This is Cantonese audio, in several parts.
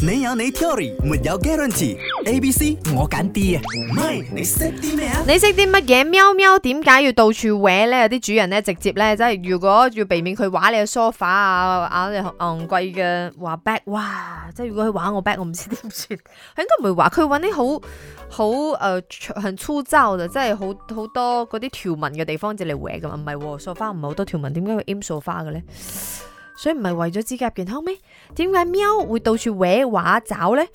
你有你 theory 沒有 guarantee。A、B、C 我揀 D 啊！唔係你識啲咩啊？你識啲乜嘢？喵喵點解要到處搲咧？有啲主人咧直接咧，即係如果要避免佢搲你嘅梳化 f 啊，啱、啊啊、昂貴嘅話 back，哇！即係如果佢搲我 back，我唔知點算。佢 應該唔會話，佢搵啲好好誒，很粗糙就即係好好多嗰啲條紋嘅地方就嚟搲噶嘛？唔係喎梳化唔係好多條紋，點解會 m 梳化嘅咧？所以唔係為咗指甲健康咩？點解喵會到處搲劃找呢？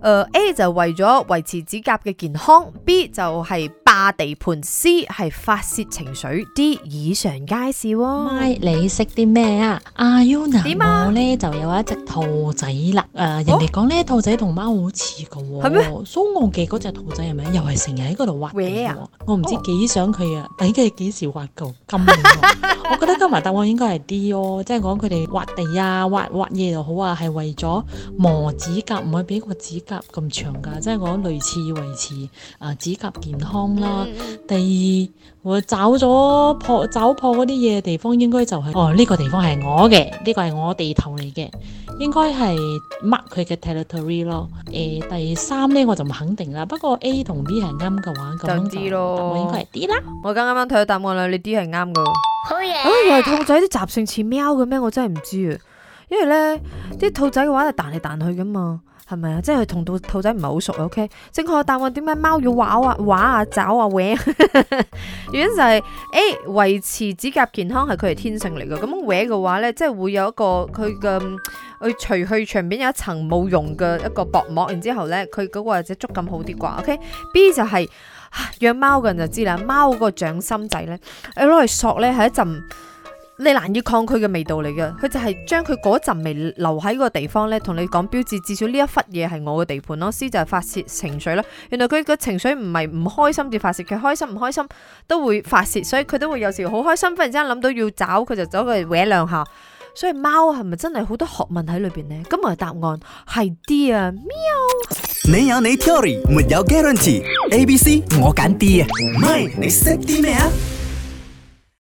呃，A 就係為咗維持指甲嘅健康，B 就係、是。阿地盤師，係發洩情緒，啲以上皆是。MY 你識啲咩啊？阿 Yuna，我咧就有一隻兔仔啦。誒、呃，哦、人哋講呢，兔仔同貓好似噶。係咩嗎？蘇澳嘅嗰隻兔仔係咪又係成日喺嗰度挖嘢啊？我唔知幾想佢啊！等佢幾時挖夠？今日我覺得今日答案應該係 D 咯，即係講佢哋挖地啊、挖挖嘢又好啊，係為咗磨指甲，唔可以俾個指甲咁長噶，即係我類似維持啊指甲健康啦。第二，我找咗破找破嗰啲嘢地方應該、就是，應該就係哦呢、這個地方係我嘅，呢、這個係我地頭嚟嘅，應該係 mark 佢嘅 territory 咯、呃。誒，第三咧我就唔肯定啦，不過 A 同 B 係啱嘅話，咁就答案應該係 D 啦。我而家啱啱睇到答案啦，你 D 係啱嘅。好嘢！啊，又係兔仔啲習性似喵嘅咩？我真係唔知啊。因為咧啲兔仔嘅話係彈嚟彈去噶嘛，係咪、OK? 啊？即係佢同兔兔仔唔係好熟 O K. 正確答案點解貓要搲啊搲啊爪啊搲？ 原因就係 A 維持指甲健康係佢係天性嚟噶，咁搲嘅話咧即係會有一個佢嘅去除去上面有一層冇用嘅一個薄膜，然之後咧佢嗰個或者觸感好啲啩。O、OK? K. B 就係養貓嘅人就知啦，貓個掌心仔咧，誒攞嚟索咧係一陣。你難以抗拒嘅味道嚟嘅，佢就係將佢嗰陣味留喺個地方咧，同你講標誌，至少呢一忽嘢係我嘅地盤咯。C 就係發洩情緒啦，原來佢個情緒唔係唔開心至發洩，佢開心唔開心都會發洩，所以佢都會有時好開心，忽然之間諗到要走，佢就走去搲兩下。所以貓係咪真係好多學問喺裏邊呢？今日答案係 D 啊，喵！你有你 theory，沒有 guarantee，A B C 我揀 D 啊，MY 你識啲咩啊？